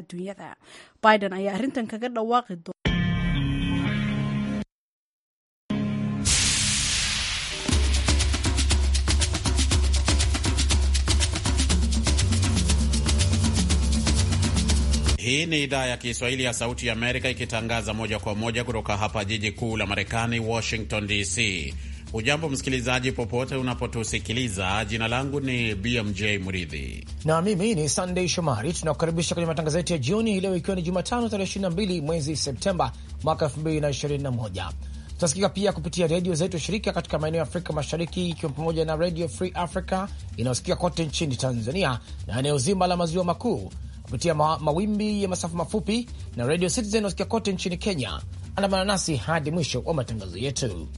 adduunyada biden ayaa arrintan kaga dhawaaqi doona Hii ni idhaa ya Kiswahili ya Sauti ya Amerika ikitangaza moja kwa moja kutoka hapa jiji kuu la Marekani, Washington DC. Ujambo msikilizaji, popote unapotusikiliza. Jina langu ni BMJ Mridhi na mimi ni Sandey Shomari. Tunakukaribisha kwenye matangazo yetu ya jioni hii leo, ikiwa ni Jumatano tarehe 22 mwezi Septemba mwaka 2021. Tutasikika pia kupitia redio zetu shirika katika maeneo ya Afrika Mashariki, ikiwa pamoja na Redio Free Africa inayosikika kote nchini Tanzania na eneo zima la maziwa makuu kupitia ma mawimbi ya masafa mafupi na Redio Citizen inayosikika kote nchini Kenya. Andamana nasi hadi mwisho wa matangazo yetu.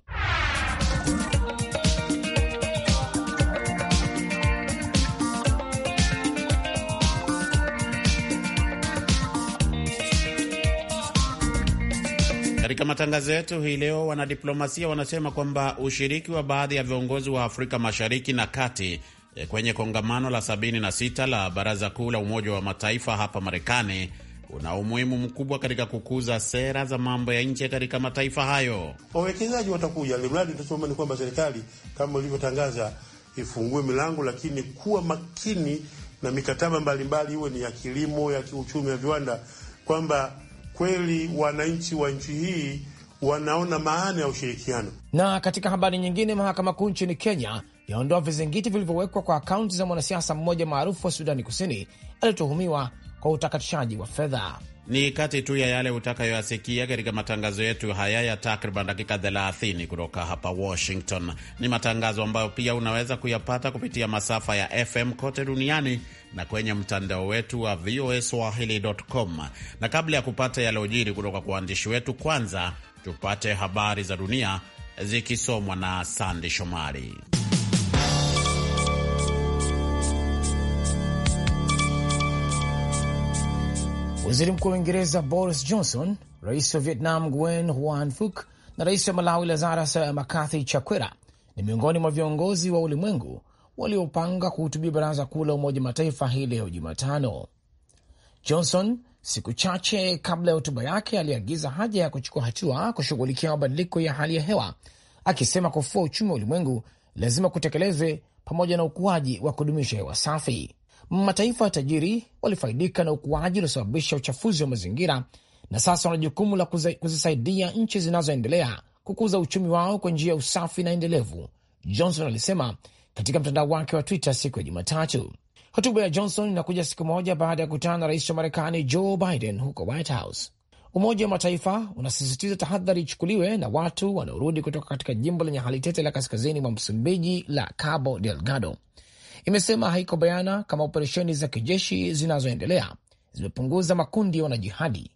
Katika matangazo yetu hii leo, wanadiplomasia wanasema kwamba ushiriki wa baadhi ya viongozi wa Afrika Mashariki na Kati eh, kwenye kongamano la 76 la Baraza Kuu la Umoja wa Mataifa hapa Marekani una umuhimu mkubwa katika kukuza sera za mambo ya nje katika mataifa hayo. Wawekezaji watakuja, limradi tunachoomba ni kwamba serikali kama ilivyotangaza ifungue milango, lakini kuwa makini na mikataba mbalimbali, iwe ni ya kilimo, ya kiuchumi, ya viwanda, kwamba kweli wananchi wa nchi hii wanaona maana ya ushirikiano. Na katika habari nyingine, mahakama kuu nchini Kenya yaondoa vizingiti vilivyowekwa kwa akaunti za mwanasiasa mmoja maarufu wa Sudani Kusini aliyetuhumiwa kwa utakatishaji wa fedha. Ni kati tu ya yale utakayoyasikia katika matangazo yetu haya ya takriban dakika 30 kutoka hapa Washington. Ni matangazo ambayo pia unaweza kuyapata kupitia masafa ya FM kote duniani na kwenye mtandao wetu wa Swahili.com. Na kabla ya kupata yaliyojiri kutoka kwa waandishi wetu, kwanza tupate habari za dunia zikisomwa na sandi Shomari. Waziri Mkuu wa Uingereza Boris Johnson, rais wa Vietnam Nguyen Huan Phuc na rais wa Malawi Lazarus Makathi Chakwera ni miongoni mwa viongozi wa ulimwengu waliopanga kuhutubia Baraza Kuu la Umoja Mataifa hii leo Jumatano. Johnson siku chache kabla ya hotuba yake aliagiza haja ya kuchukua hatua kushughulikia mabadiliko ya hali ya hewa, akisema kufua uchumi wa ulimwengu lazima kutekelezwe pamoja na ukuaji wa kudumisha hewa safi mataifa ya tajiri walifaidika na ukuaji uliosababisha uchafuzi wa mazingira na sasa wana jukumu la kuzisaidia nchi zinazoendelea kukuza uchumi wao kwa njia ya usafi na endelevu, Johnson alisema katika mtandao wake wa Twitter siku ya Jumatatu. Hotuba ya Johnson inakuja siku moja baada ya kukutana na rais wa Marekani Joe Biden huko White House. Umoja wa Mataifa unasisitiza tahadhari ichukuliwe na watu wanaorudi kutoka katika jimbo lenye hali tete la kaskazini mwa Msumbiji la Cabo Delgado imesema haiko bayana kama operesheni za kijeshi zinazoendelea zimepunguza makundi ya wanajihadi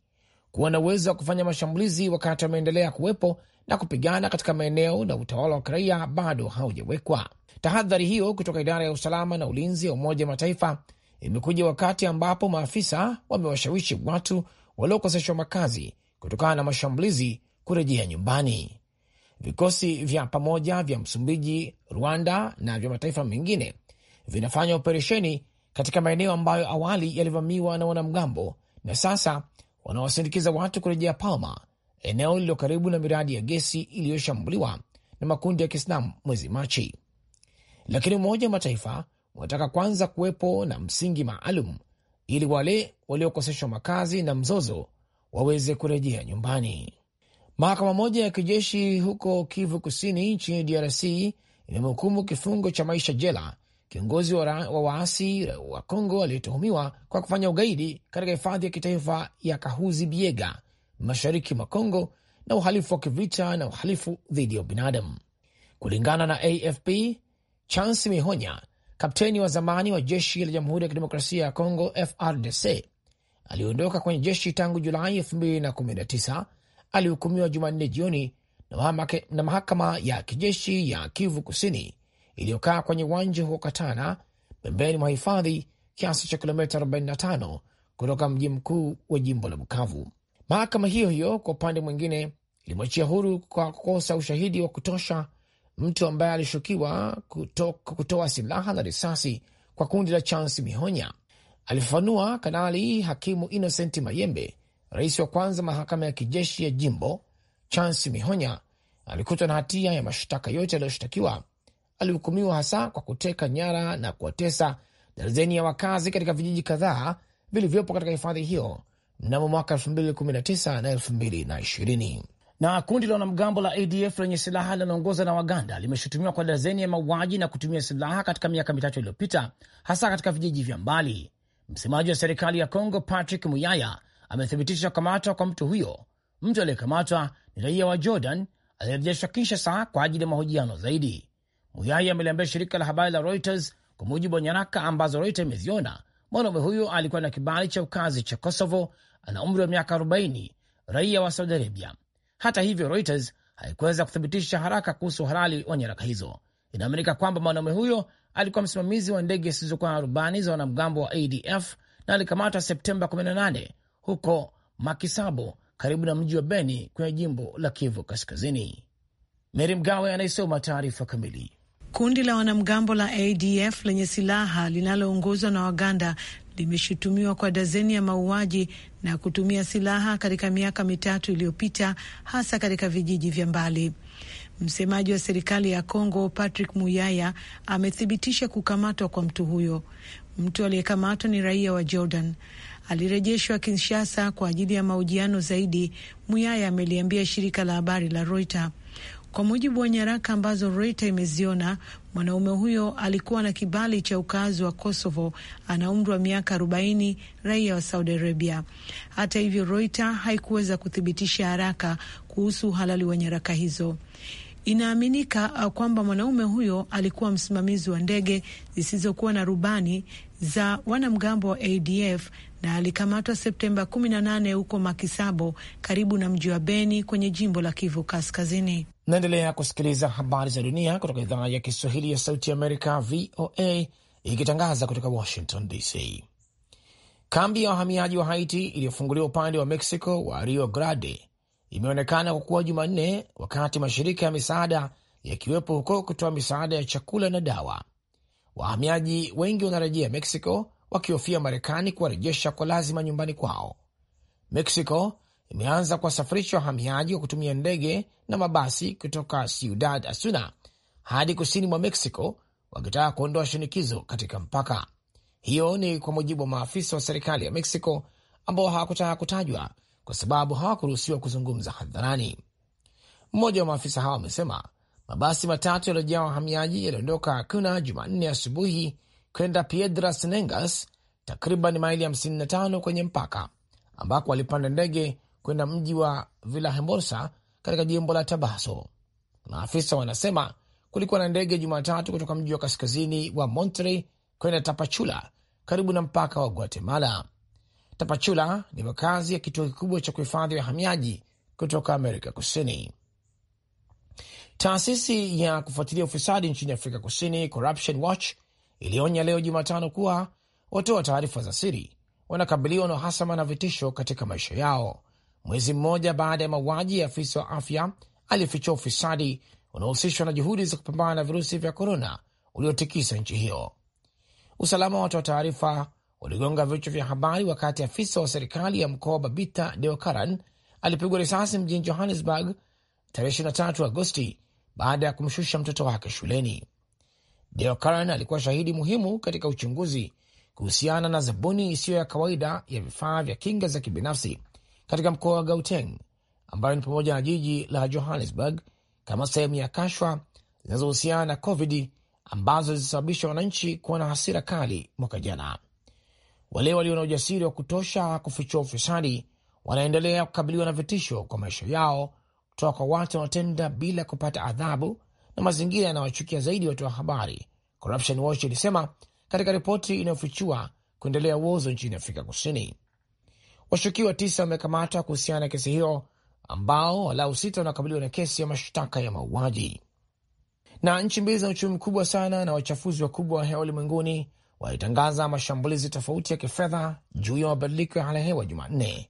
kuwa na uwezo wa kufanya mashambulizi wakati wameendelea kuwepo na kupigana katika maeneo na utawala wa kiraia bado haujawekwa. Tahadhari hiyo kutoka idara ya usalama na ulinzi ya Umoja wa Mataifa imekuja wakati ambapo maafisa wamewashawishi watu waliokoseshwa makazi kutokana na mashambulizi kurejea nyumbani. Vikosi vya pamoja vya Msumbiji, Rwanda na vya mataifa mengine vinafanya operesheni katika maeneo ambayo awali yalivamiwa na wanamgambo na sasa wanawasindikiza watu kurejea Palma, eneo lililo karibu na miradi ya gesi iliyoshambuliwa na makundi ya Kiislamu mwezi Machi. Lakini Umoja wa Mataifa unataka kwanza kuwepo na msingi maalum ili wale waliokoseshwa makazi na mzozo waweze kurejea nyumbani. Mahakama moja ya kijeshi huko Kivu Kusini nchini DRC imemhukumu kifungo cha maisha jela kiongozi wa, wa waasi wa Kongo aliyetuhumiwa kwa kufanya ugaidi katika hifadhi ya kitaifa ya Kahuzi Biega mashariki mwa Kongo na uhalifu wa kivita na uhalifu dhidi ya ubinadamu Kulingana na AFP, Chance Mihonya, kapteni wa zamani wa jeshi la Jamhuri ya Kidemokrasia ya Kongo FRDC aliondoka kwenye jeshi tangu Julai 2019 alihukumiwa Jumanne jioni na mahakama ya kijeshi ya Kivu Kusini iliyokaa kwenye uwanja huo Katana, pembeni mwa hifadhi, kiasi cha kilomita 45 kutoka mji mkuu wa jimbo la Bukavu. Mahakama hiyo hiyo kwa upande mwingine ilimwachia huru kwa kukosa ushahidi wa kutosha mtu ambaye alishukiwa kutoa silaha na risasi kwa kundi la Chansi Mihonya, alifafanua Kanali Hakimu Innocent Mayembe, rais wa kwanza mahakama ya kijeshi ya jimbo. Chansi Mihonya alikutwa na hatia ya mashtaka yote yaliyoshtakiwa alihukumiwa hasa kwa kuteka nyara na kuwatesa darzeni ya wakazi katika vijiji kadhaa vilivyopo katika hifadhi hiyo mnamo mwaka 2019 na 2020. Na kundi la wanamgambo la ADF lenye silaha linaloongoza na Waganda limeshutumiwa kwa darzeni ya mauaji na kutumia silaha katika miaka mitatu iliyopita, hasa katika vijiji vya mbali. Msemaji wa serikali ya congo Patrick Muyaya amethibitisha kukamatwa kwa mtu huyo. Mtu aliyekamatwa ni raia wa Jordan aliyerejeshwa Kinshasa kwa ajili ya mahojiano zaidi. Muyai ameliambia shirika la habari la Reuters. Kwa mujibu wa nyaraka ambazo Reuters imeziona, mwanaume huyo alikuwa na kibali cha ukazi cha Kosovo, ana umri wa miaka 40, raia wa Saudi Arabia. Hata hivyo, Reuters haikuweza kuthibitisha haraka kuhusu uhalali wa nyaraka hizo. Inaaminika kwamba mwanaume huyo alikuwa msimamizi wa ndege zisizokuwa na rubani za wanamgambo wa ADF na alikamatwa Septemba 18 huko Makisabo, karibu na mji wa Beni kwenye jimbo la Kivu Kaskazini. Meri Mgawe anayesoma taarifa kamili. Kundi la wanamgambo la ADF lenye silaha linaloongozwa na Waganda limeshutumiwa kwa dazeni ya mauaji na kutumia silaha katika miaka mitatu iliyopita, hasa katika vijiji vya mbali. Msemaji wa serikali ya Kongo Patrick Muyaya amethibitisha kukamatwa kwa mtu huyo. Mtu aliyekamatwa ni raia wa Jordan, alirejeshwa Kinshasa kwa ajili ya mahojiano zaidi, Muyaya ameliambia shirika la habari la Reuters. Kwa mujibu wa nyaraka ambazo Reuters imeziona, mwanaume huyo alikuwa na kibali cha ukaazi wa Kosovo, ana umri wa miaka 40, raia wa Saudi Arabia. Hata hivyo, Reuters haikuweza kuthibitisha haraka kuhusu uhalali wa nyaraka hizo. Inaaminika uh, kwamba mwanaume huyo alikuwa msimamizi wa ndege zisizokuwa na rubani za wanamgambo wa ADF na alikamatwa Septemba 18 huko Makisabo karibu na mji wa Beni kwenye jimbo la Kivu Kaskazini. Naendelea kusikiliza habari za dunia kutoka idhaa ya Kiswahili ya Sauti Amerika, VOA, ikitangaza kutoka Washington DC. Kambi ya wahamiaji wa Haiti iliyofunguliwa upande wa Mexico wa Rio Grande imeonekana kukuwa Jumanne, wakati mashirika ya misaada yakiwepo huko kutoa misaada ya chakula na dawa. Wahamiaji wengi wanarejea Mexico wakihofia Marekani kuwarejesha kwa lazima nyumbani kwao. Mexico imeanza kuwasafirisha wahamiaji wa kutumia ndege na mabasi kutoka Ciudad Asuna hadi kusini mwa Mexico, wakitaka kuondoa shinikizo katika mpaka. Hiyo ni kwa mujibu wa maafisa wa serikali ya Mexico ambao hawakutaka kutajwa kwa sababu hawakuruhusiwa kuzungumza hadharani. Mmoja wa maafisa hao amesema mabasi matatu yaliyojaa wahamiaji yaliondoka Kuna Jumanne asubuhi kwenda Piedras Negras, takriban maili 55 kwenye mpaka, ambako walipanda ndege kwenda mji wa Villahermosa katika jimbo la Tabasco. Maafisa wanasema kulikuwa na ndege Jumatatu kutoka mji wa kaskazini wa Monterrey kwenda Tapachula, karibu na mpaka wa Guatemala. Tapachula ni makazi ya kituo kikubwa cha kuhifadhi wahamiaji kutoka Amerika Kusini. Taasisi ya kufuatilia ufisadi nchini Afrika Kusini, Corruption Watch, ilionya leo Jumatano kuwa watoa taarifa za siri wanakabiliwa na uhasama na vitisho katika maisha yao, mwezi mmoja baada ya mauaji ya afisa wa afya aliyefichua ufisadi unaohusishwa na juhudi za kupambana na virusi vya korona uliotikisa nchi hiyo. Usalama wa watoa taarifa uligonga vichwa vya habari wakati afisa wa serikali ya mkoa Babita Deokaran alipigwa risasi mjini Johannesburg tarehe 23 Agosti baada ya kumshusha mtoto wake shuleni. Dale alikuwa shahidi muhimu katika uchunguzi kuhusiana na zabuni isiyo ya kawaida ya vifaa vya kinga za kibinafsi katika mkoa wa Gauteng, ambayo ni pamoja na jiji la Johannesburg, kama sehemu ya kashwa zinazohusiana na COVID ambazo zilisababisha wananchi kuwa na hasira kali mwaka jana. Wale walio na ujasiri wa kutosha kufichua ufisadi wanaendelea kukabiliwa na vitisho kwa maisha yao kutoka kwa watu wanaotenda bila kupata adhabu na mazingira yanawachukia zaidi watu wa habari, Corruption Watch ilisema katika ripoti inayofichua kuendelea uozo nchini Afrika Kusini. Washukiwa tisa wamekamatwa kuhusiana na kesi hiyo, ambao walau sita wanakabiliwa na kesi ya mashtaka ya mauaji. Na nchi mbili za uchumi mkubwa sana na wachafuzi wakubwa wa hewa ulimwenguni walitangaza mashambulizi tofauti ya kifedha juu ya mabadiliko ya hali ya hewa Jumanne.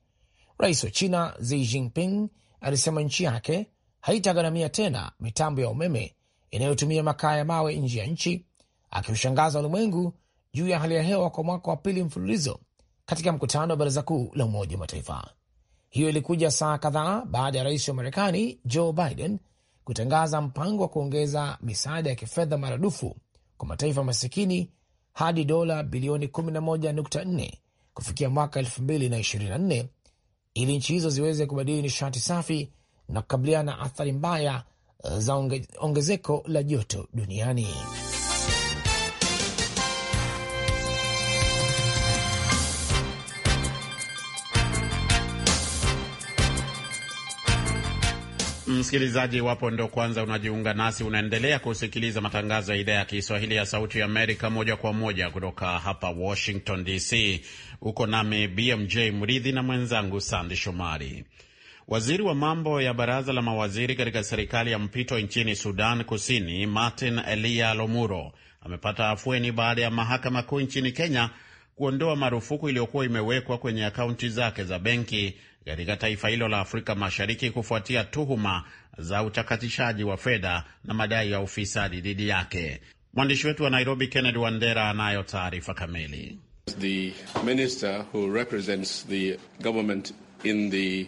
Rais wa China Xi Jinping alisema nchi yake haitagharamia tena mitambo ya umeme inayotumia makaa ya mawe nje ya nchi, akiushangaza ulimwengu juu ya hali ya hewa kwa mwaka wa pili mfululizo katika mkutano wa baraza kuu la Umoja wa Mataifa. Hiyo ilikuja saa kadhaa baada ya rais wa Marekani Joe Biden kutangaza mpango wa kuongeza misaada ya kifedha maradufu kwa mataifa masikini hadi dola bilioni 11.4 kufikia mwaka 2024 ili nchi hizo ziweze kubadili nishati safi na kukabiliana na athari mbaya eh, za onge, ongezeko la joto duniani. Msikilizaji, iwapo ndo kwanza unajiunga nasi, unaendelea kusikiliza matangazo ya idhaa ya Kiswahili ya Sauti ya Amerika moja kwa moja kutoka hapa Washington DC. Uko nami BMJ Mridhi na mwenzangu Sandi Shomari. Waziri wa mambo ya baraza la mawaziri katika serikali ya mpito nchini Sudan Kusini, Martin Elia Lomuro, amepata afueni baada ya mahakama kuu nchini Kenya kuondoa marufuku iliyokuwa imewekwa kwenye akaunti zake za benki katika taifa hilo la Afrika Mashariki kufuatia tuhuma za utakatishaji wa fedha na madai ya ufisadi dhidi yake. Mwandishi wetu wa Nairobi, Kennedy Wandera, anayo taarifa kamili. The minister who represents the government in the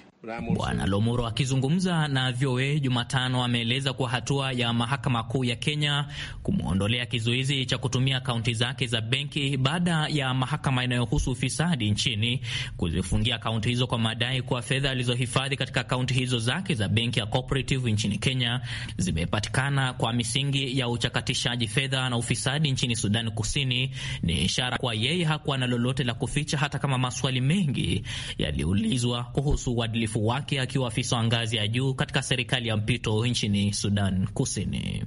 Bwana Lomuro akizungumza na VOA Jumatano ameeleza kuwa hatua ya mahakama kuu ya Kenya kumwondolea kizuizi cha kutumia akaunti zake za benki baada ya mahakama inayohusu ufisadi nchini kuzifungia akaunti hizo kwa madai kuwa fedha alizohifadhi katika akaunti hizo zake za benki ya Cooperative nchini Kenya zimepatikana kwa misingi ya uchakatishaji fedha na ufisadi nchini Sudani Kusini ni ishara kuwa yeye hakuwa na lolote la kuficha, hata kama maswali mengi yaliulizwa kuhusu uadilifu uadilifu wake akiwa afisa wa ngazi ya juu katika serikali ya mpito nchini Sudan Kusini.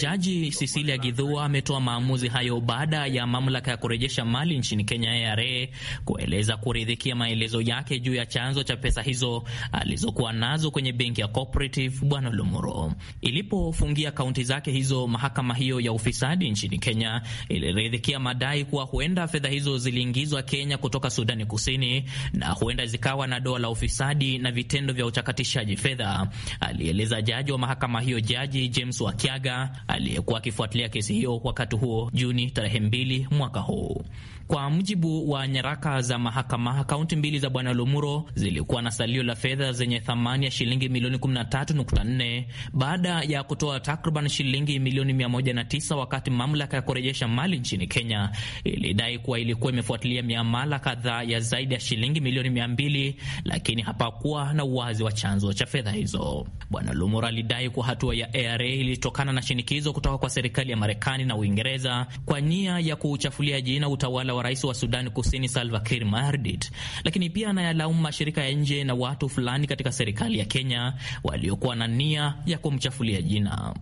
Jaji Sisilia Gidhua ametoa maamuzi hayo baada ya mamlaka ya kurejesha mali nchini Kenya ARA kueleza kuridhikia maelezo yake juu ya chanzo cha pesa hizo alizokuwa nazo kwenye benki ya Cooperative Bwana Lumuro. Ilipofungia kaunti zake hizo, mahakama hiyo ya ufisadi nchini Kenya iliridhikia madai kuwa huenda fedha hizo ziliingizwa Kenya kutoka Sudan Sudani Kusini na huenda zikawa na doa la ufisadi na vitendo vya uchakatishaji fedha, alieleza jaji wa mahakama hiyo, Jaji James Wakiaga aliyekuwa akifuatilia kesi hiyo wakati huo Juni tarehe mbili mwaka huu. Kwa mujibu wa nyaraka za mahakama, akaunti mbili za bwana Lumuro zilikuwa na salio la fedha zenye thamani ya shilingi milioni 13.4 baada ya kutoa takriban shilingi milioni 109 wakati mamlaka ya kurejesha mali nchini Kenya ilidai kuwa ilikuwa imefuatilia miamala kadhaa ya zaidi ya shilingi milioni 200, lakini hapakuwa na uwazi wa chanzo cha fedha hizo. Bwana Lumuro alidai kuwa hatua ya ARA ilitokana na shinikizo kutoka kwa serikali ya Marekani na Uingereza kwa nia ya kuuchafulia jina utawala wa rais wa Sudani Kusini Salva Kiir Mayardit, lakini pia anayalaumu mashirika ya nje na watu fulani katika serikali ya Kenya waliokuwa na nia ya kumchafulia jina.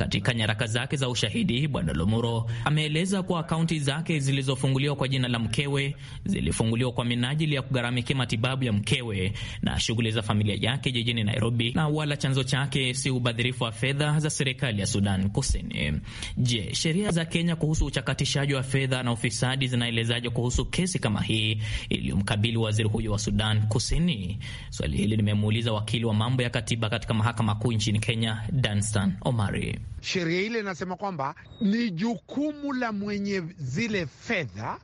Katika nyaraka zake za ushahidi, Bwana Lomuro ameeleza kuwa akaunti zake zilizofunguliwa kwa jina la mkewe zilifunguliwa kwa minajili ya kugharamikia matibabu ya mkewe na shughuli za familia yake jijini Nairobi, na wala chanzo chake kuakisi ubadhirifu wa fedha za serikali ya Sudan Kusini. Je, sheria za Kenya kuhusu uchakatishaji wa fedha na ufisadi zinaelezaje kuhusu kesi kama hii iliyomkabili waziri huyo wa Sudan Kusini? Swali hili limemuuliza wakili wa mambo ya katiba katika mahakama kuu nchini Kenya, Danstan Omari. Sheria ile inasema kwamba ni jukumu la mwenye zile fedha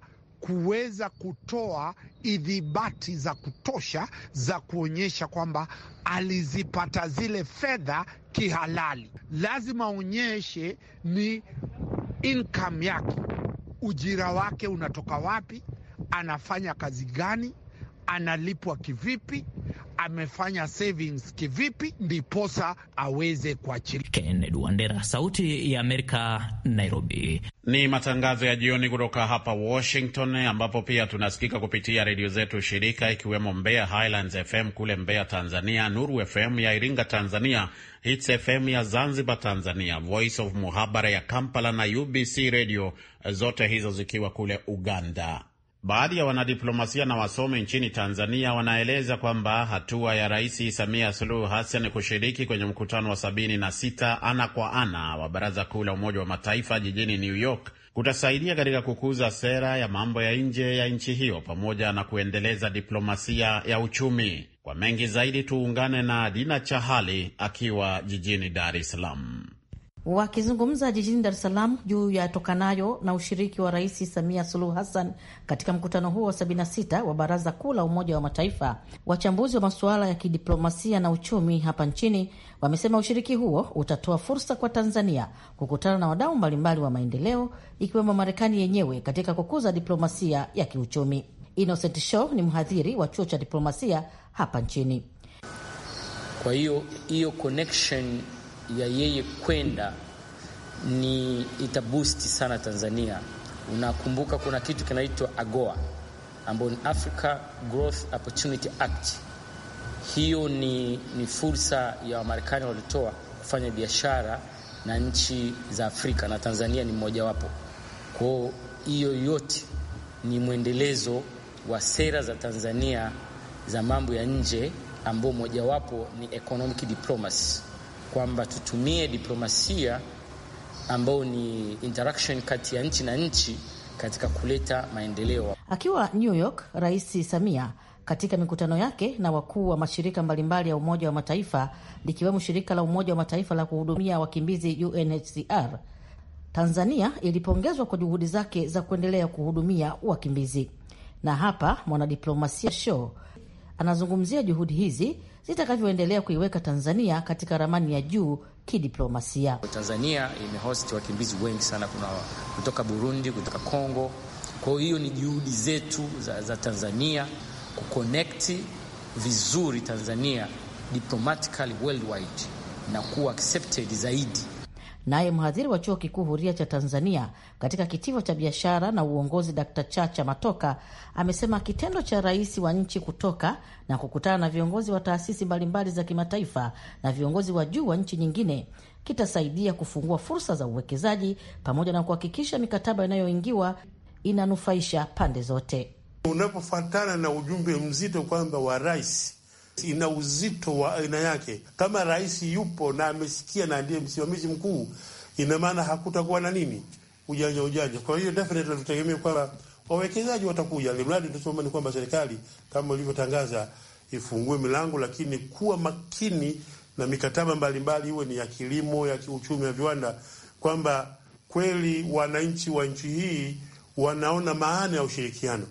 kuweza kutoa idhibati za kutosha za kuonyesha kwamba alizipata zile fedha kihalali. Lazima aonyeshe ni income yake, ujira wake unatoka wapi, anafanya kazi gani, analipwa kivipi amefanya savings kivipi ndiposa aweze kuachilia. Kennedy Wandera, Sauti ya Amerika, Nairobi. Ni matangazo ya jioni kutoka hapa Washington, ambapo pia tunasikika kupitia redio zetu shirika ikiwemo Mbeya Highlands FM kule Mbeya Tanzania, Nuru FM ya Iringa Tanzania, Hits FM ya Zanzibar Tanzania, Voice of Muhabara ya Kampala na UBC Radio, zote hizo zikiwa kule Uganda. Baadhi ya wanadiplomasia na wasomi nchini Tanzania wanaeleza kwamba hatua ya Rais Samia Suluhu Hassan kushiriki kwenye mkutano wa 76 ana kwa ana wa Baraza Kuu la Umoja wa Mataifa jijini New York kutasaidia katika kukuza sera ya mambo ya nje ya nchi hiyo pamoja na kuendeleza diplomasia ya uchumi. Kwa mengi zaidi tuungane na Dina Chahali akiwa jijini Dar es Salaam. Wakizungumza jijini Dar es Salaam juu ya tokanayo na ushiriki wa Rais Samia Suluhu Hassan katika mkutano huo wa 76 wa Baraza Kuu la Umoja wa Mataifa, wachambuzi wa masuala ya kidiplomasia na uchumi hapa nchini wamesema ushiriki huo utatoa fursa kwa Tanzania kukutana na wadau mbalimbali wa maendeleo ikiwemo Marekani yenyewe katika kukuza diplomasia ya kiuchumi. Innocent Show ni mhadhiri wa chuo cha diplomasia hapa nchini. Kwa hiyo hiyo connection ya yeye kwenda ni itabusti sana Tanzania. Unakumbuka kuna kitu kinaitwa AGOA ambayo ni Africa Growth Opportunity Act. Hiyo ni, ni fursa ya Wamarekani walitoa kufanya biashara na nchi za Afrika na Tanzania ni mmojawapo. Kwa hiyo yote ni mwendelezo wa sera za Tanzania za mambo ya nje ambao mojawapo ni economic diplomacy kwamba tutumie diplomasia ambayo ni interaction kati ya nchi na nchi katika kuleta maendeleo. Akiwa New York, Rais Samia katika mikutano yake na wakuu wa mashirika mbalimbali ya Umoja wa Mataifa likiwemo shirika la Umoja wa Mataifa la kuhudumia wakimbizi UNHCR, Tanzania ilipongezwa kwa juhudi zake za kuendelea kuhudumia wakimbizi. Na hapa mwanadiplomasia Show anazungumzia juhudi hizi zitakavyoendelea kuiweka Tanzania katika ramani ya juu kidiplomasia. Tanzania imehosti wakimbizi wengi sana, kuna kutoka Burundi, kutoka congo Kwa hiyo ni juhudi zetu za, za Tanzania kukonekti vizuri Tanzania diplomatically worldwide na kuwa accepted zaidi Naye mhadhiri wa chuo kikuu huria cha Tanzania katika kitivo cha biashara na uongozi, Dr Chacha Matoka amesema kitendo cha rais wa nchi kutoka na kukutana na viongozi wa taasisi mbalimbali za kimataifa na viongozi wa juu wa nchi nyingine kitasaidia kufungua fursa za uwekezaji pamoja na kuhakikisha mikataba inayoingiwa inanufaisha pande zote. Unapofatana na ujumbe mzito kwamba wa rais ina uzito wa aina yake. Kama rais yupo na amesikia na ndiye msimamizi mkuu, ina maana hakutakuwa na nini ujanja ujanja. Kwa hiyo definitely kwamba wawekezaji watakuja, limradi tusema ni kwamba serikali kama ilivyotangaza ifungue milango, lakini kuwa makini na mikataba mbalimbali, iwe ni ya kilimo, ya kiuchumi, ya viwanda, kwamba kweli wananchi wa nchi hii wanaona maana ya ushirikiano.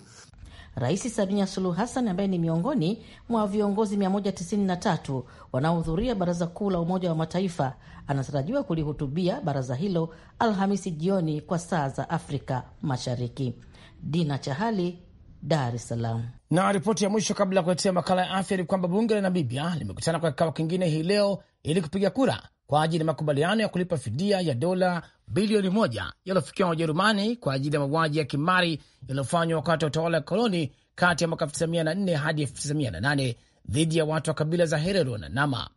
Rais Samia Suluhu Hassan ambaye ni miongoni mwa viongozi 193 wanaohudhuria Baraza Kuu la Umoja wa Mataifa anatarajiwa kulihutubia baraza hilo Alhamisi jioni kwa saa za Afrika Mashariki. Dina Chahali, Dar es Salaam. Na ripoti ya mwisho kabla ya kuletea makala ya afya ni kwamba bunge la Namibia limekutana kwa kikao kingine hii leo ili kupiga kura kwa ajili ya makubaliano ya kulipa fidia ya dola bilioni moja yaliyofikiwa na Ujerumani kwa ajili ya mauaji ya kimari yaliyofanywa wakati wa utawala wa koloni kati ya mwaka 1904 hadi 1908 dhidi ya watu wa kabila za Herero na Nama.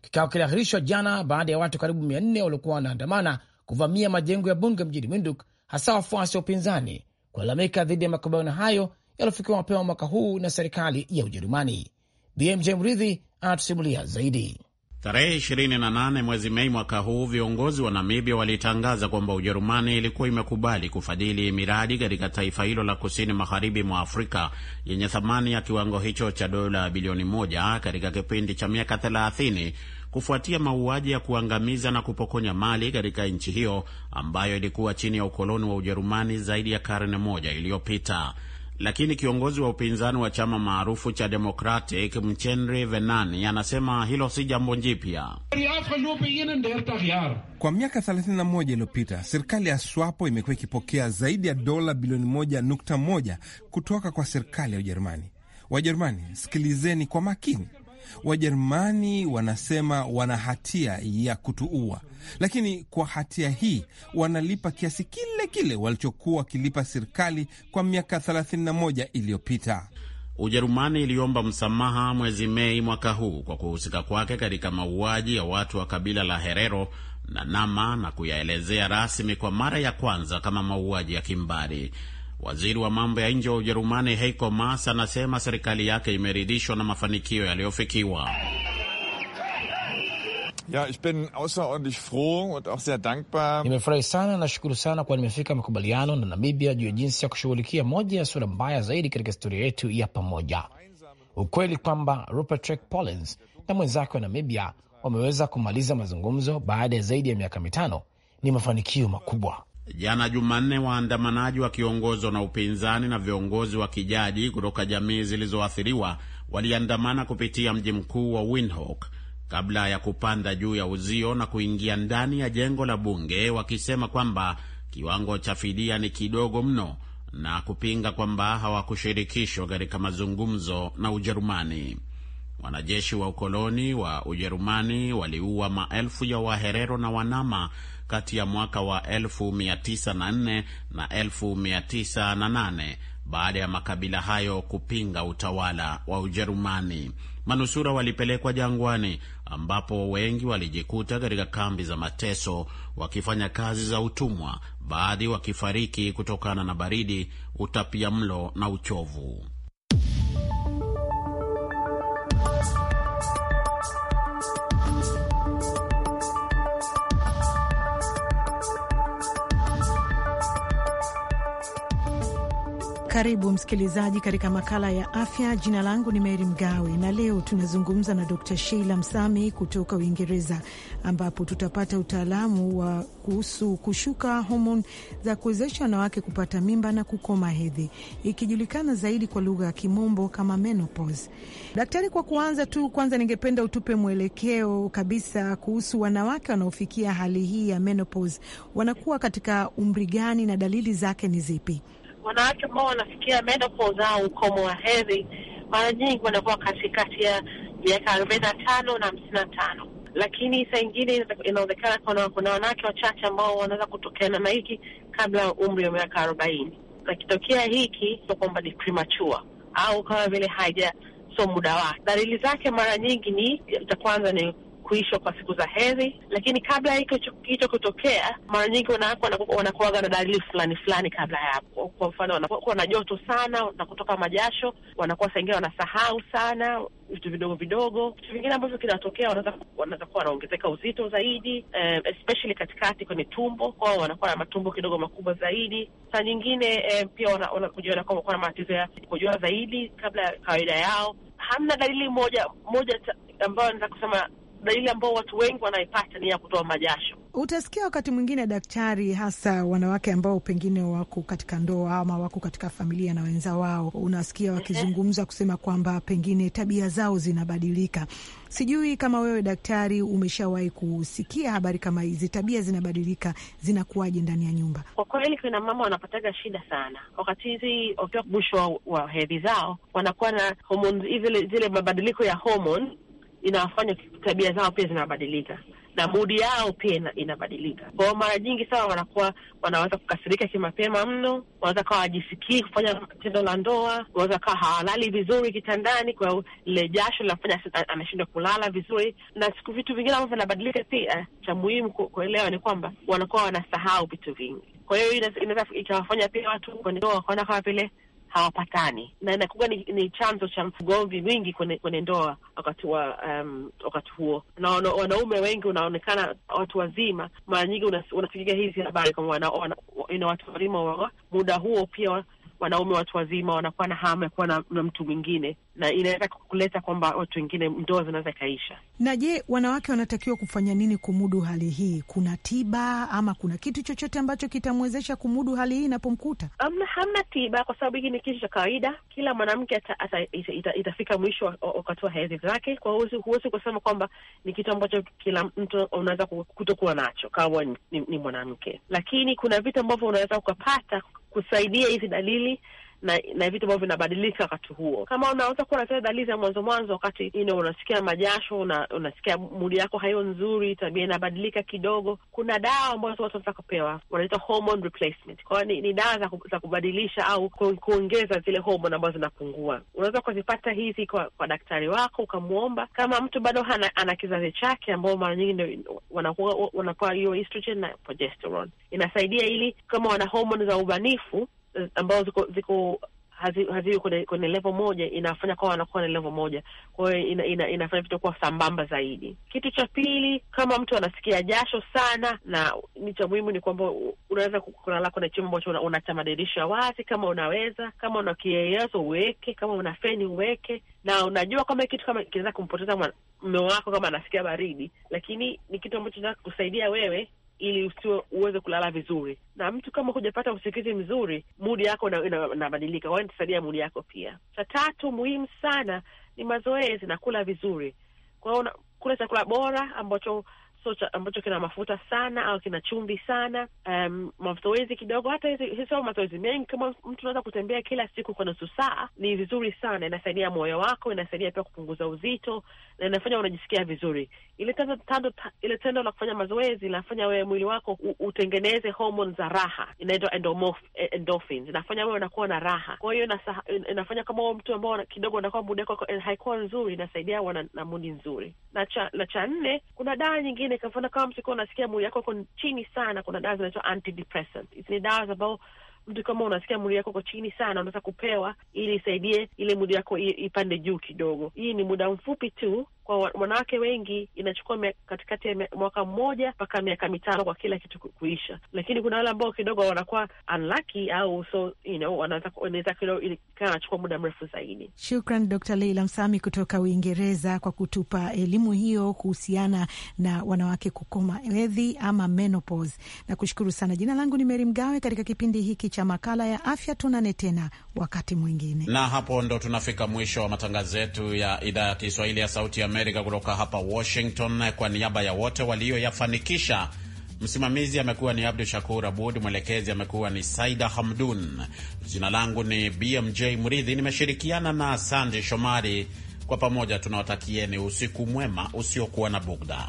Kikao kiliahirishwa jana baada ya watu karibu 400 waliokuwa wanaandamana kuvamia majengo ya bunge mjini Winduk, hasa wafuasi wa upinzani kulalamika dhidi ya makubaliano hayo yaliyofikiwa mapema mwaka huu na serikali ya Ujerumani. BMJ Mridhi anatusimulia zaidi. Tarehe 28 mwezi Mei mwaka huu viongozi wa Namibia walitangaza kwamba Ujerumani ilikuwa imekubali kufadhili miradi katika taifa hilo la kusini magharibi mwa Afrika yenye thamani ya kiwango hicho cha dola bilioni moja katika kipindi cha miaka 30 kufuatia mauaji ya kuangamiza na kupokonya mali katika nchi hiyo ambayo ilikuwa chini ya ukoloni wa Ujerumani zaidi ya karne moja iliyopita lakini kiongozi wa upinzani wa chama maarufu cha Democratic Mchenry Venani anasema hilo si jambo jipya. Kwa miaka 31 iliyopita serikali ya SWAPO imekuwa ikipokea zaidi ya dola bilioni 1.1 kutoka kwa serikali ya Ujerumani. Wajerumani, sikilizeni kwa makini. Wajerumani wanasema wana hatia ya kutuua, lakini kwa hatia hii wanalipa kiasi kile kile walichokuwa wakilipa serikali kwa miaka 31 iliyopita. Ujerumani iliomba msamaha mwezi Mei mwaka huu kwa kuhusika kwake katika mauaji ya watu wa kabila la Herero na Nama na kuyaelezea rasmi kwa mara ya kwanza kama mauaji ya kimbari. Waziri wa mambo ya nje wa Ujerumani Heiko Maas anasema serikali yake imeridhishwa na mafanikio yaliyofikiwa. Ja, ich bin außerordentlich froh und auch sehr dankbar. Nimefurahi sana, nashukuru sana kwa nimefika makubaliano na Namibia juu ya jinsi ya kushughulikia moja ya sura mbaya zaidi katika historia yetu ya pamoja. Ukweli kwamba Rupert Collins na mwenzake wa Namibia wameweza kumaliza mazungumzo baada ya zaidi ya miaka mitano ni mafanikio makubwa. Jana Jumanne, waandamanaji wakiongozwa na upinzani na viongozi wa kijadi kutoka jamii zilizoathiriwa waliandamana kupitia mji mkuu wa Windhoek kabla ya kupanda juu ya uzio na kuingia ndani ya jengo la bunge wakisema kwamba kiwango cha fidia ni kidogo mno na kupinga kwamba hawakushirikishwa katika mazungumzo na Ujerumani. Wanajeshi wa ukoloni wa Ujerumani waliua maelfu ya Waherero na Wanama kati ya mwaka wa 1904 na 1908 baada ya makabila hayo kupinga utawala wa Ujerumani. Manusura walipelekwa jangwani ambapo wengi walijikuta katika kambi za mateso wakifanya kazi za utumwa, baadhi wakifariki kutokana na baridi, utapia mlo na uchovu. Karibu msikilizaji katika makala ya afya. Jina langu ni Meri Mgawe na leo tunazungumza na Dr Sheila Msami kutoka Uingereza, ambapo tutapata utaalamu wa kuhusu kushuka homon za kuwezesha wanawake kupata mimba na kukoma hedhi, ikijulikana zaidi kwa lugha ya Kimombo kama menopause. Daktari, kwa kuanza tu, kwanza ningependa utupe mwelekeo kabisa kuhusu wanawake wanaofikia hali hii ya menopause, wanakuwa katika umri gani na dalili zake ni zipi? wanawake ambao wanafikia menopause au ukomo wa hedhi mara nyingi wanakuwa katikati ya miaka arobaini na tano na hamsini na tano lakini saa ingine inaonekana kuna, kuna wanawake wachache ambao wanaweza kutokeana na hiki kabla ya umri wa miaka arobaini na kitokea hiki sio kwamba ni premature au kama vile haija so muda wake. Dalili zake mara nyingi ni, cha kwanza ni kuishwa kwa siku za hedhi, lakini kabla hicho kutokea, mara nyingi wanawake wanakuwaga na dalili fulani fulani kabla ya hapo. Kwa mfano, wanakuwa na joto sana na kutoka majasho, wanakuwa saingine wanasahau sana vitu vidogo vidogo. Vitu vingine ambavyo kinatokea, wanaweza kuwa wanaongezeka uzito zaidi, eh, especially katikati kwenye tumbo kwao, wanakuwa na matumbo kidogo makubwa zaidi. Saa nyingine eh, pia wanakujiona kwamba na matatizo ya kujua zaidi kabla ya kawaida yao. Hamna dalili moja moja ambayo naweza kusema na ile ambao watu wengi wanaipata ni ya kutoa majasho. Utasikia wakati mwingine daktari, hasa wanawake ambao pengine wako katika ndoa ama wako katika familia na wenza wao, unasikia mhm. wakizungumza kusema kwamba pengine tabia zao zinabadilika. Sijui kama wewe daktari umeshawahi kusikia habari kama hizi, tabia zinabadilika zinakuwaje ndani ya nyumba? Kwa kweli kina mama wanapataga shida sana wakati hizi wakiwa mwisho wa hedhi zao, wanakuwa na zile mabadiliko ya inawafanya tabia zao pia zinabadilika na mudi yao pia inabadilika. Kwa hiyo mara nyingi sana wanakuwa wanaweza kukasirika kimapema mno, wanaweza kawa wajisikii kufanya tendo la ndoa, wanaweza kawa hawalali vizuri kitandani, kwa hiyo lile jasho linafanya ameshindwa kulala vizuri, na siku vitu vingine ambavyo vinabadilika pia. Cha muhimu kuelewa ni kwamba wanakuwa wanasahau vitu vingi, kwa hiyo inaweza ikawafanya pia watu kwenye ndoa wakaona kama vile hawapatani na inakuwa ni, ni chanzo cha ugomvi mwingi kwenye, kwenye ndoa wakati wa um, wakati huo na wana, wanaume wengi unaonekana watu wazima mara nyingi unasikia hizi habari kwamba ina watu wazima wa muda huo pia wanaume watu wazima wanakuwa na hamu ya kuwa na, na mtu mwingine, na inaweza kuleta kwamba watu wengine ndoa zinaweza ikaisha. Na je, wanawake wanatakiwa kufanya nini kumudu hali hii? Kuna tiba ama kuna kitu chochote ambacho kitamwezesha kumudu hali hii inapomkuta? Hamna, hamna tiba, kwa sababu hiki ni kitu cha kawaida. Kila mwanamke itafika ita, ita, ita mwisho wakati wa hedhi zake. Kwa hiyo huwezi kusema kwamba ni kitu ambacho kila mtu unaweza kutokuwa nacho kama ni, ni, ni mwanamke, lakini kuna vitu ambavyo unaweza ukapata kusaidia hizi dalili na, na vitu ambavyo vinabadilika wakati huo. Kama unaweza kuwa unafanya dalili za mwanzo mwanzo, wakati ino unasikia majasho una, unasikia mudi yako haiyo nzuri, tabia inabadilika kidogo, kuna dawa ambazo watu wanataka kupewa, wanaita hormone replacement. Kwa hiyo ni, ni dawa za, za kubadilisha au kuongeza zile hormone ambazo zinapungua. Unaweza ukazipata hizi kwa, kwa daktari wako ukamwomba. Kama mtu bado hana, ana kizazi chake ambao mara nyingi wanakuwa wanapewa hiyo estrogen na progesterone, inasaidia ili kama wana hormone za ubanifu ambazo ziko, ziko haziwi hazi kwenye, kwenye level moja inafanya kwa wanakuwa na level moja, kwa hiyo ina, ina, inafanya vitu kuwa sambamba zaidi. Kitu cha pili, kama mtu anasikia jasho sana, na ni cha muhimu ni kwamba unaweza kulala kwenye chumba ambacho una, una madirisha wazi, kama unaweza, kama una kiyeyezo uweke, kama una feni uweke, na unajua kwamba kitu kama kinaweza kumpoteza mume wako kama anasikia baridi, lakini ni kitu ambacho kinaweza kusaidia wewe ili uweze kulala vizuri. Na mtu kama hujapata usingizi mzuri, mudi yako inabadilika, na, na inatusaidia mudi yako pia. Cha tatu muhimu sana ni mazoezi na kula vizuri, kwa hiyo kula chakula bora ambacho so cha, ambacho kina mafuta sana au kina chumbi sana. Um, mazoezi kidogo, hata sio mazoezi mengi, kama mtu unaweza kutembea kila siku kwa nusu saa, ni vizuri sana, inasaidia moyo wako, inasaidia pia kupunguza uzito na inafanya unajisikia vizuri. Ile tendo ile tendo la kufanya mazoezi inafanya wewe mwili wako u, utengeneze za raha, inaitwa e, endorphins, inafanya wewe unakuwa na raha. Kwa hiyo inafanya kama huo mtu ambao kidogo unakuwa muda haikuwa nzuri, inasaidia wana na mudi nzuri. Na cha na cha nne, kuna dawa nyingine nyingine kwa mfano kama mtu unasikia mwili yako uko chini sana, kuna dawa zinaitwa antidepressant. Hizi ni dawa ambazo mtu kama unasikia mwili yako uko chini sana, unaweza kupewa ili isaidie ile mwili yako ipande juu kidogo. Hii ni muda mfupi tu kwa wanawake wengi inachukua katikati ya mwaka mmoja mpaka miaka mitano kwa kila kitu kuisha, lakini kuna wale ambao kidogo wanakuwa unlucky au so you know, wanaweza anachukua muda mrefu zaidi. Shukran Dr. Leila Msami kutoka Uingereza kwa kutupa elimu hiyo kuhusiana na wanawake kukoma hedhi ama menopause. Na kushukuru sana. Jina langu ni Meri Mgawe katika kipindi hiki cha makala ya afya, tunane tena wakati mwingine. Na hapo ndo tunafika mwisho wa matangazo yetu ya idhaa ya Kiswahili ya Sauti ya Amerika kutoka hapa Washington. Kwa niaba ya wote walioyafanikisha, msimamizi amekuwa ni Abdu Shakur Abud, mwelekezi amekuwa ni Saida Hamdun, jina langu ni BMJ Mridhi, nimeshirikiana na sandi Shomari. Kwa pamoja tunawatakieni usiku mwema usiokuwa na bugda.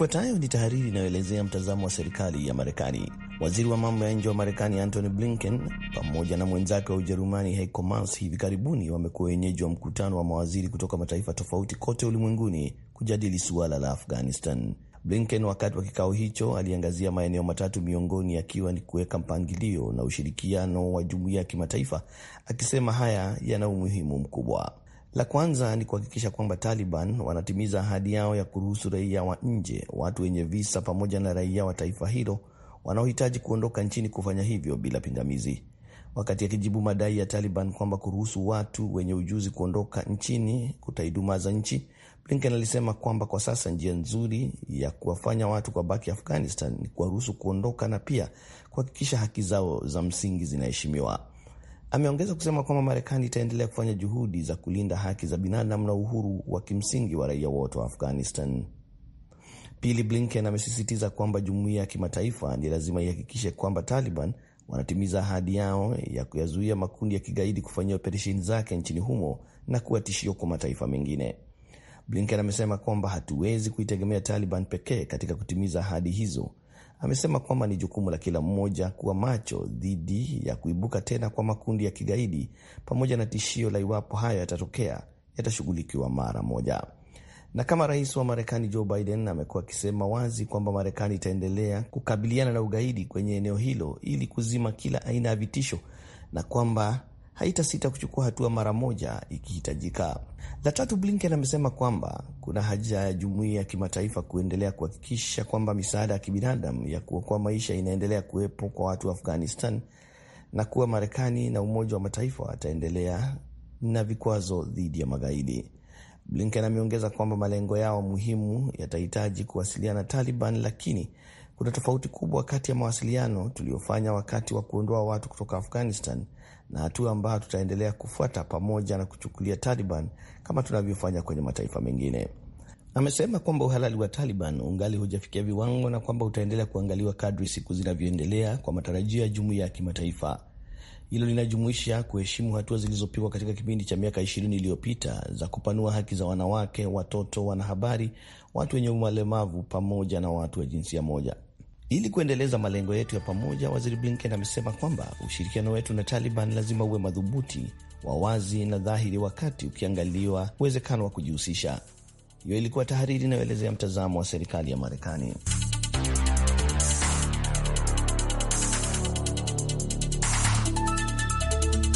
Ifuatayo ni tahariri inayoelezea mtazamo wa serikali ya Marekani. Waziri wa mambo ya nje wa Marekani Antony Blinken pamoja na mwenzake wa Ujerumani Heiko Maas hivi karibuni wamekuwa wenyeji wa mkutano wa mawaziri kutoka mataifa tofauti kote ulimwenguni kujadili suala la Afghanistan. Blinken wakati wa kikao hicho aliangazia maeneo matatu miongoni yakiwa ni kuweka mpangilio na ushirikiano wa jumuiya ya kimataifa, akisema haya yana umuhimu mkubwa. La kwanza ni kuhakikisha kwamba Taliban wanatimiza ahadi yao ya kuruhusu raia wa nje, watu wenye visa, pamoja na raia wa taifa hilo wanaohitaji kuondoka nchini kufanya hivyo bila pingamizi. Wakati akijibu madai ya Taliban kwamba kuruhusu watu wenye ujuzi kuondoka nchini kutaidumaza nchi, Blinken alisema kwamba kwa sasa njia nzuri ya kuwafanya watu kwa baki Afghanistan ni kuwaruhusu kuondoka na pia kuhakikisha haki zao za msingi zinaheshimiwa. Ameongeza kusema kwamba Marekani itaendelea kufanya juhudi za kulinda haki za binadamu na uhuru wa kimsingi wa raia wote wa Afghanistan. Pili, Blinken amesisitiza kwamba jumuiya ya kimataifa ni lazima ihakikishe kwamba Taliban wanatimiza ahadi yao ya kuyazuia makundi ya kigaidi kufanyia operesheni zake nchini humo na kuwa tishio kwa mataifa mengine. Blinken amesema kwamba hatuwezi kuitegemea Taliban pekee katika kutimiza ahadi hizo amesema kwamba ni jukumu la kila mmoja kuwa macho dhidi ya kuibuka tena kwa makundi ya kigaidi pamoja na tishio la iwapo hayo yatatokea yatashughulikiwa mara moja. Na kama rais wa Marekani Joe Biden amekuwa akisema wazi kwamba Marekani itaendelea kukabiliana na ugaidi kwenye eneo hilo ili kuzima kila aina ya vitisho na kwamba haitasita kuchukua hatua mara moja ikihitajika. La tatu, Blinken amesema kwamba kuna haja ya jumuiya ya kimataifa kuendelea kuhakikisha kwamba misaada ya kibinadamu ya kuokoa maisha inaendelea kuwepo kwa watu wa Afghanistan na kuwa Marekani na Umoja wa Mataifa wataendelea na vikwazo dhidi ya magaidi. Blinken ameongeza kwamba malengo yao muhimu yatahitaji kuwasiliana Taliban, lakini kuna tofauti kubwa kati ya mawasiliano tuliyofanya wakati wa kuondoa watu kutoka Afghanistan na hatua ambayo tutaendelea kufuata pamoja na kuchukulia Taliban kama tunavyofanya kwenye mataifa mengine. Amesema kwamba uhalali wa Taliban ungali hujafikia viwango na kwamba utaendelea kuangaliwa kadri siku zinavyoendelea kwa matarajio ya jumuiya ya kimataifa. Hilo linajumuisha kuheshimu hatua zilizopigwa katika kipindi cha miaka ishirini iliyopita za kupanua haki za wanawake, watoto, wanahabari, watu wenye ulemavu pamoja na watu wa jinsia moja. Ili kuendeleza malengo yetu ya pamoja, waziri Blinken amesema kwamba ushirikiano wetu na Taliban lazima uwe madhubuti, wa wazi na dhahiri, wakati ukiangaliwa uwezekano wa kujihusisha. Hiyo ilikuwa tahariri inayoelezea mtazamo wa serikali ya Marekani.